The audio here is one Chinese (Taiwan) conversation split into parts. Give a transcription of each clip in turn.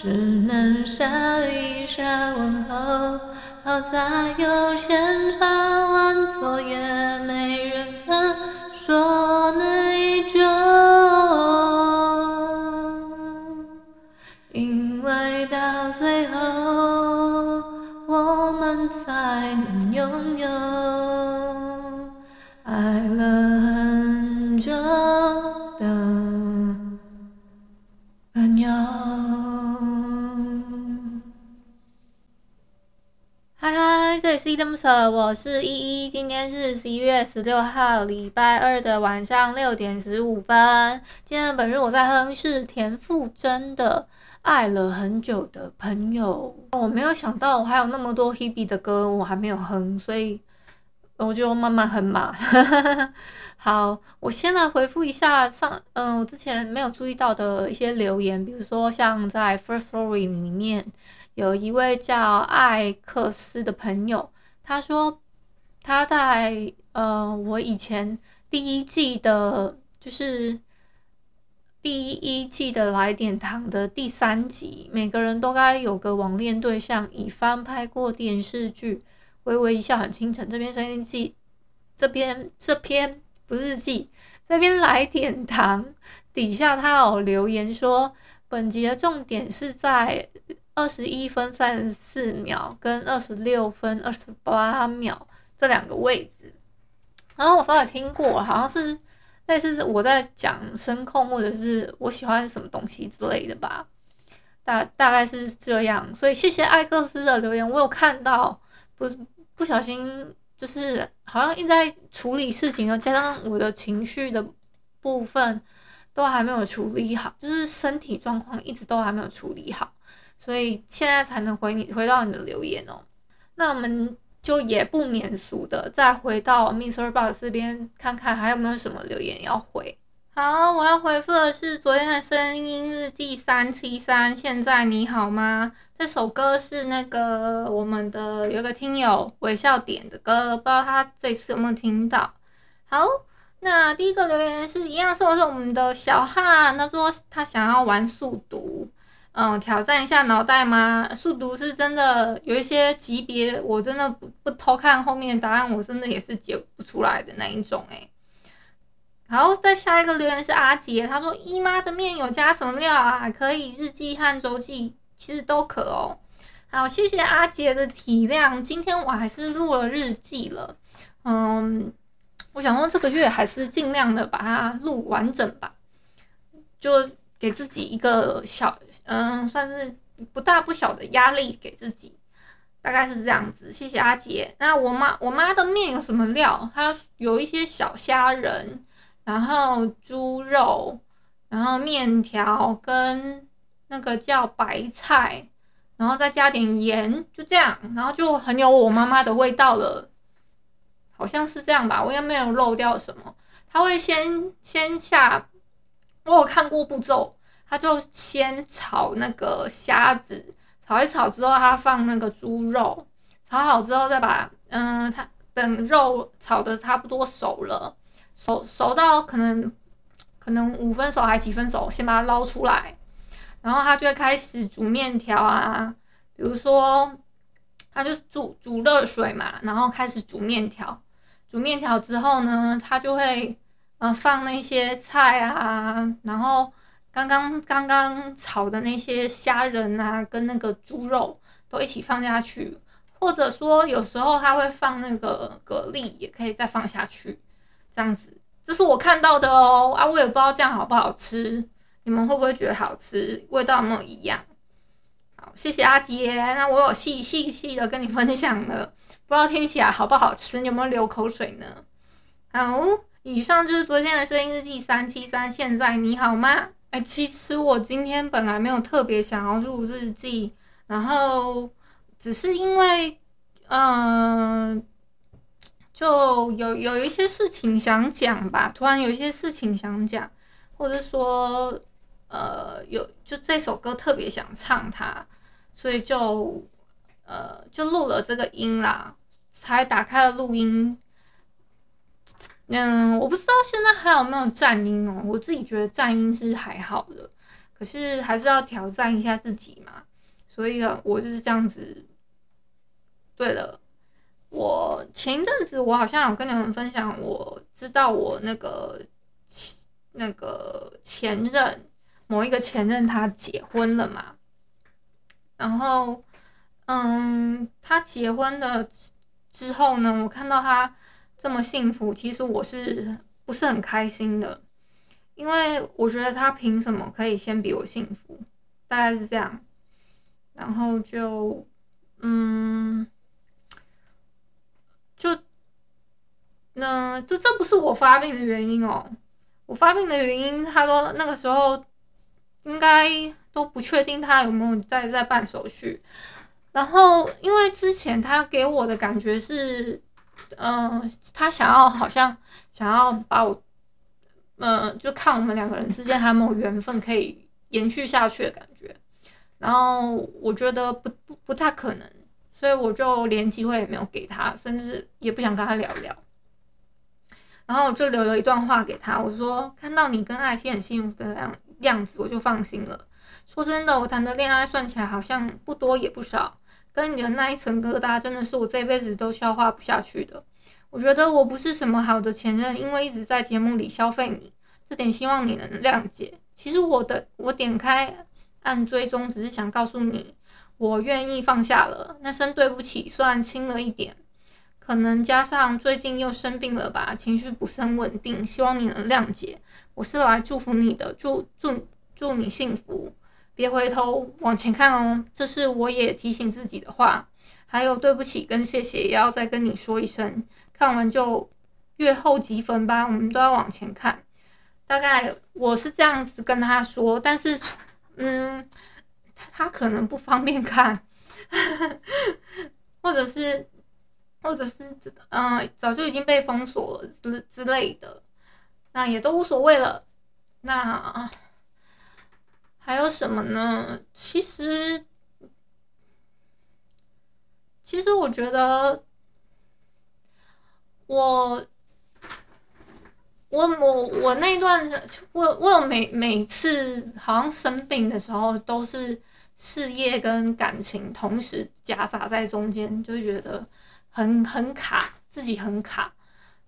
只能笑一笑問候，好在有千差萬錯，也沒人肯說內疚，因為到最後，我們才能擁有。Them, 我是依依，今天是十一月十六號，禮拜二的晚上六點十五分。今天本日我在哼是田馥甄的《愛了很久的朋友》，我沒有想到我還有那麼多 Hebe 的歌我還沒有哼，所以我就慢慢哼嘛。 好，我先來回復一下上，嗯、呃，我之前沒有注意到的一些留言，比如說像在 First Story 裡面。有一位叫艾克斯的朋友，他說他在呃，我以前第一季的，就是第一季的《來點糖》的第三集，每個人都該有個網戀對象。已翻拍過電視劇《微微一笑很傾城》這篇聲音日記，這篇這篇不是日記，這篇《來點糖》底下他有、哦、留言說，本集的重點是在。二十一分三十四秒跟二十六分二十八秒這兩個位置，然後我稍微聽過，好像是，但是我在講聲控或者是我喜歡什麼東西之類的吧，大，大大概是這樣。所以謝謝艾克斯的留言，我有看到不，不是不小心，就是好像一直在處理事情，然後加上我的情緒的部分都還沒有處理好，就是身體狀況一直都還沒有處理好。所以現在才能回你，回到你的留言哦、喔。那我們就也不免俗的，再回到 MixerBox 這邊看看還有沒有什麼留言要回。好，我要回覆的是昨天的聲音日記三七三，現在你好嗎？這首歌是那個我們的有一個聽友微笑點的歌，不知道他這次有沒有聽到。好，那第一個留言是一樣，是是我們的小漢，他說他想要玩速讀。嗯，挑戰一下腦袋嗎？數獨是真的有一些級別，我真的不不偷看後面的答案，我真的也是解不出來的那一種誒、欸。好，再下一個留言是阿杰，他說：“姨媽的麵有加什麼料啊？可以日記和週記其實都可哦。”好，謝謝阿杰的體諒。今天我還是錄了日記了，嗯，我想說這個月還是盡量的把它錄完整吧，就給自己一個小。嗯，算是不大不小的壓力給自己，大概是這樣子。謝謝阿姐。那我媽，我媽的麵有什麼料？她有一些小蝦仁，然後豬肉，然後麵條跟那個叫白菜，然後再加點鹽，就這樣，然後就很有我媽媽的味道了。好像是這樣吧，我也沒有漏掉什麼。她會先先下，我有看過步驟。他就先炒那個蝦子，炒一炒之後，他放那個豬肉，炒好之後再把，嗯，他等肉炒得差不多熟了，熟熟到可能可能五分熟還幾分熟，先把它撈出來，然後他就會開始煮麵條啊，比如說他就煮煮熱水嘛，然後開始煮麵條，煮麵條之後呢，他就會嗯放那些菜啊，然後。剛剛剛剛炒的那些蝦仁啊，跟那個豬肉都一起放下去，或者說有時候他會放那個蛤蜊，也可以再放下去，這樣子就是我看到的哦。啊，我也不知道這樣好不好吃，你們會不會覺得好吃？味道有沒有一樣？好，謝謝阿杰，那我有細，細細細的跟你分享了，不知道聽起來好不好吃，你有沒有流口水呢？好，以上就是昨天的聲音日記三七三，現在你好嗎？哎、欸，其實我今天本來沒有特別想要錄日記，然後只是因為，嗯、呃，就有有一些事情想講吧，突然有一些事情想講，或者說，呃，有就這首歌特別想唱它，所以就，呃，就錄了這個音啦，才打開了錄音。嗯，我不知道現在還有沒有戰音哦、喔。我自己覺得戰音是還好的，可是還是要挑戰一下自己嘛。所以，我就是這樣子。對了，我前一陣子我好像有跟你們分享，我知道我那個那個前任，某一個前任他結婚了嘛。然後，嗯，他結婚的之後呢，我看到他。這麼幸福，其實我是不是很開心的，因為我覺得他憑什麼可以先比我幸福？大概是這樣，然後就，嗯，就，那這這不是我發病的原因哦，我發病的原因，他說那個時候應該都不確定他有沒有在在辦手續，然後因為之前他給我的感覺是嗯、呃，他想要好像想要把我，嗯、呃，就看我們兩個人之間還有沒有緣分可以延續下去的感覺，然後我覺得不不不太可能，所以我就連機會也沒有給他，甚至也不想跟他聊一聊。然後我就留了一段話給他，我說看到你跟愛情很幸福的樣樣子，我就放心了。說真的，我談的戀愛算起來好像不多也不少。所以你的那一層疙瘩，真的是我這輩子都消化不下去的。我覺得我不是什麼好的前任，因為一直在節目裡消費你，這點希望你能諒解。其實我的我點開按追蹤，只是想告訴你，我願意放下了。那聲對不起雖然輕了一點，可能加上最近又生病了吧，情緒不是很穩定，希望你能諒解。我是來祝福你的，祝祝祝你，祝你幸福。別回頭，往前看哦。這是我也提醒自己的話。還有，對不起跟謝謝也要再跟你說一聲。看完就閱後即焚吧，我們都要往前看。大概我是這樣子跟他說，但是，嗯，他他可能不方便看， 或者是或者是嗯、呃，早就已經被封鎖之之類的，那也都無所謂了。那。還有什麼呢？其實，其實我覺得我，我我我我那段我我有每每次好像生病的時候，都是事業跟感情同時夾雜在中間，就覺得很很卡，自己很卡，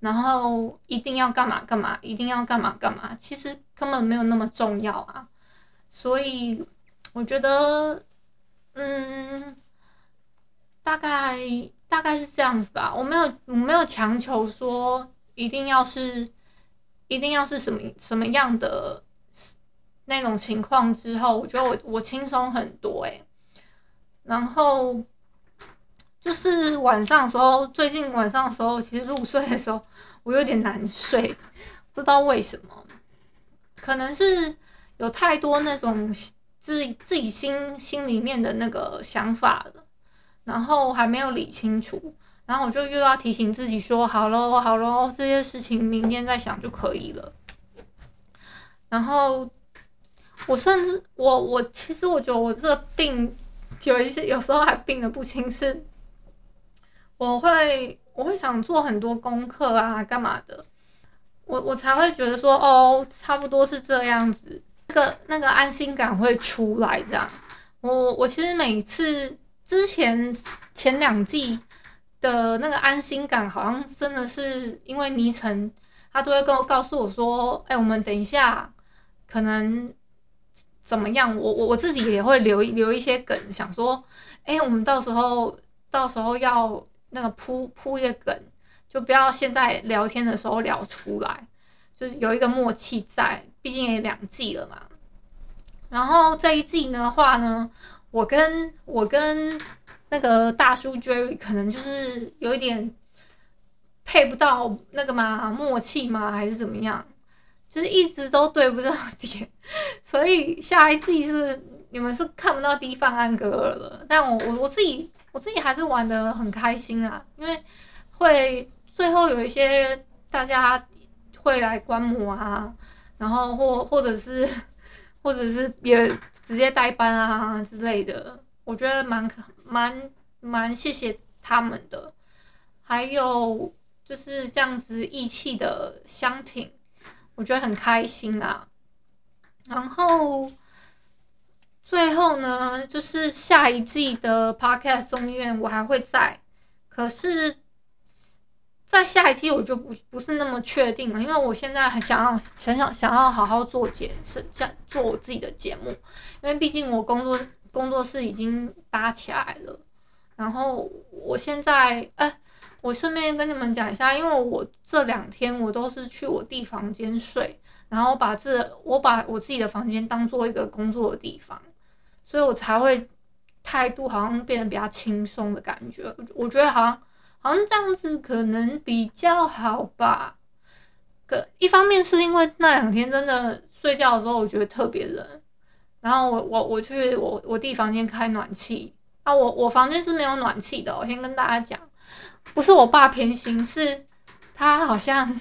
然後一定要幹嘛幹嘛，一定要幹嘛幹嘛，其實根本沒有那麼重要啊。所以我覺得，嗯，大概大概是這樣子吧。我沒有我沒有強求說一定要是一定要是什麼什麼樣的那種情況之後，我覺得我我輕鬆很多誒。然後就是晚上的時候，最近晚上的時候，其實入睡的時候我有點難睡，不知道為什麼，可能是。有太多那種自己自己心心裡面的那個想法了，然後還沒有理清楚，然後我就又要提醒自己說：“好嘍，好嘍，這些事情明天再想就可以了。”然後我甚至我我其實我覺得我這個病有一些有時候還病得不輕，我會我會想做很多功課啊，幹嘛的？我我才會覺得說哦，差不多是這樣子。那個那個安心感會出來，這樣。我我其實每次之前前兩季的那個安心感，好像真的是因為尼城，他都會跟我告訴我說：“哎，我們等一下，可能怎麼樣？”我我我自己也會留一留一些梗，想說：“哎，我們到時候到時候要那個鋪鋪一個梗，就不要現在聊天的時候聊出來。”就是有一個默契在，畢竟也兩季了嘛。然後這一季的話呢，我跟我跟那個大叔 Jerry 可能就是有一點配不到那個嘛默契嘛，還是怎麼樣，就是一直都對不上點。所以下一季是你們是看不到低方安格爾了，但我我我自己我自己還是玩得很開心啊，因為會最後有一些大家，會來觀摩啊，然後或或者是或者是也直接代班啊之類的，我覺得蠻蠻蠻謝謝他們的。還有就是這樣子義氣的相挺，我覺得很開心啊。然後最後呢，就是下一季的 Podcast 松院我還會在，可是。在下一期我就不不是那麼確定了，因為我現在很想要想想想要好好做節是，想做我自己的節目，因為畢竟我工作工作室已經搭起來了，然後我現在哎、欸，我順便跟你們講一下，因為我這兩天我都是去我弟房間睡，然後把這我把我自己的房間當做一個工作的地方，所以我才會態度好像變得比較輕鬆的感覺，我覺得好像。好像這樣子可能比較好吧。可一方面，是因為那兩天真的睡覺的時候，我覺得特別冷。然後我我我去我我弟房間開暖氣啊我，我我房間是沒有暖氣的。我先跟大家講，不是我爸偏心，是他好像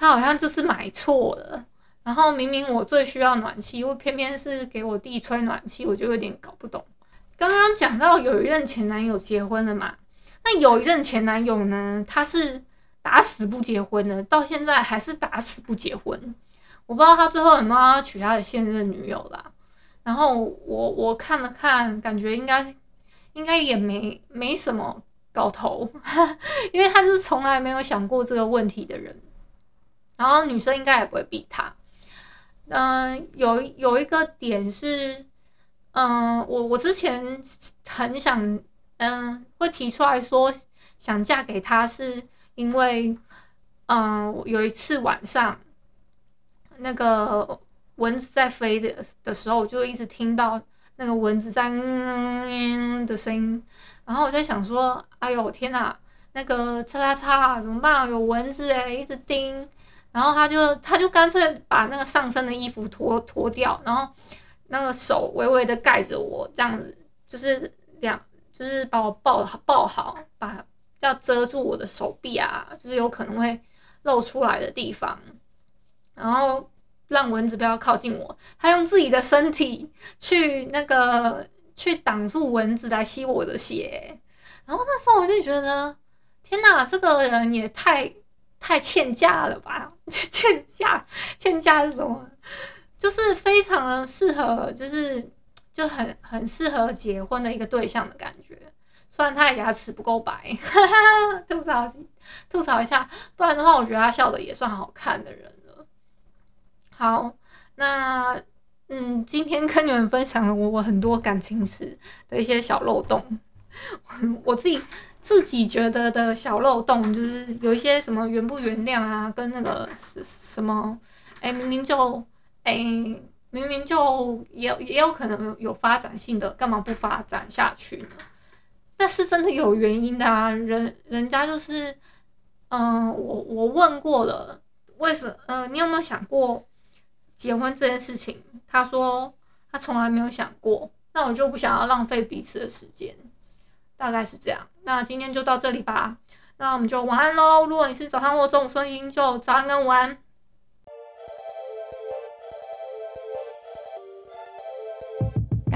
他好像就是買錯了。然後明明我最需要暖氣，又偏偏是給我弟吹暖氣，我就有點搞不懂。剛剛講到有一任前男友結婚了嘛？那有一任前男友呢，他是打死不結婚的，到現在還是打死不結婚。我不知道他最後有沒有要娶他的現任女友啦。然後我我看了看，感覺應該應該也沒沒什麼搞頭， 因為他是從來沒有想過這個問題的人。然後女生應該也不會逼他。嗯、呃，有有一個點是，嗯、呃，我我之前很想，嗯、呃。會提出來說想嫁給他，是因為，嗯、呃，有一次晚上，那個蚊子在飛的的時候，我就一直聽到那個蚊子在嗯嗯嗯的聲音，然後我在想說，哎呦天哪，那個叉叉叉怎麼辦啊？有蚊子哎、欸，一直叮，然後他就他就乾脆把那個上身的衣服脫脫掉，然後那個手微微的蓋着我，這樣子就是兩。就是把我抱抱好，把要遮住我的手臂啊，就是有可能會露出來的地方，然後讓蚊子不要靠近我。他用自己的身體去那個去擋住蚊子來吸我的血。然後那時候我就覺得，天哪，這個人也太太欠嫁了吧？就欠嫁欠嫁，是什麼？就是非常的適合，就是。就很很適合結婚的一個對象的感覺，雖然他的牙齒不夠白，哈哈，吐槽吐槽一下，不然的話我覺得他笑得也算好看的人了。好，那嗯，今天跟你們分享了我我很多感情史的一些小漏洞， 我自己自己覺得的小漏洞就是有一些什麼原不原諒啊，跟那個什麼，哎、欸，明明就哎。欸明明就也也有可能有發展性的，幹嘛不發展下去呢？那是真的有原因的啊，人人家就是，嗯、呃，我我問過了，為什麼，嗯、呃，你有沒有想過結婚這件事情？他說他從來沒有想過，那我就不想要浪費彼此的時間，大概是這樣。那今天就到這裡吧，那我們就晚安嘍。如果你是早上或中午聲音，就早安跟晚安。